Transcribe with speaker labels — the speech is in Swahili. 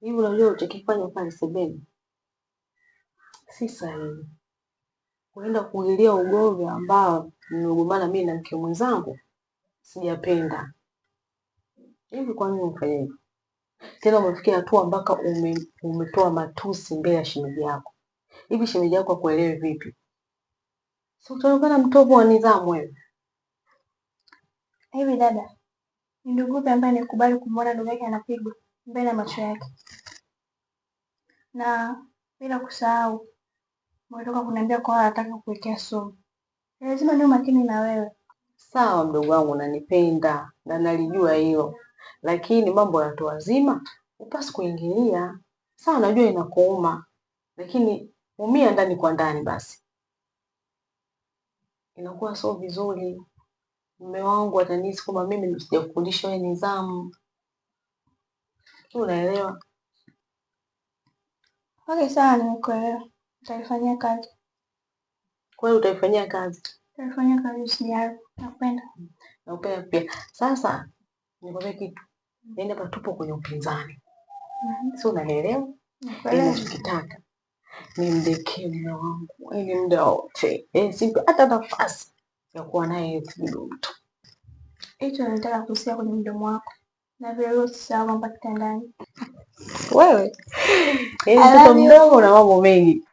Speaker 1: Hivi unajua utakifanya pale sebeni si sahihi, kuenda kuingilia ugomvi ambao nimegombana mimi na mke mwenzangu, sijapenda. Hivi kwa nini unafanya hivyo tena? Umefikia hatua mpaka ume, umetoa matusi mbele ya shemeji yako. Hivi shemeji yako akuelewe vipi? Si utaonekana mtovu wa nidhamu wewe.
Speaker 2: Hivi dada, ni ndugu ambaye nikubali kumwona ndugu yake anapigwa? mbele ya macho yake, na bila kusahau umetoka kuniambia kwa anataka kuwekea sumu. Lazima niwe makini na wewe.
Speaker 1: Sawa mdogo wangu, nanipenda na nalijua hilo, lakini mambo ya watu wazima upasi kuingilia. Sawa, najua inakuuma, lakini umia ndani kwa ndani, basi inakuwa sio vizuri. Mume wangu atanihisi kwamba mimi sijakufundisha wewe nidhamu. Unaelewa?
Speaker 2: Okay, sawa, nimekuelewa. Utaifanyia kazi
Speaker 1: Kwa hiyo utaifanyia kazi,
Speaker 2: utaifanyia kazi, usijali. Napenda
Speaker 1: naupenda pia. Sasa nikwambia kitu, yaani hapa tupo kwenye upinzani, mm-hmm. si unanielewa? ni nimdekee mume wangu, yaani muda wote, yaani simpe hata nafasi ya kuwa naye mtu.
Speaker 2: Hicho nataka kusikia kwenye mdomo wako na
Speaker 1: Wewe mtoto mdogo na mambo mengi.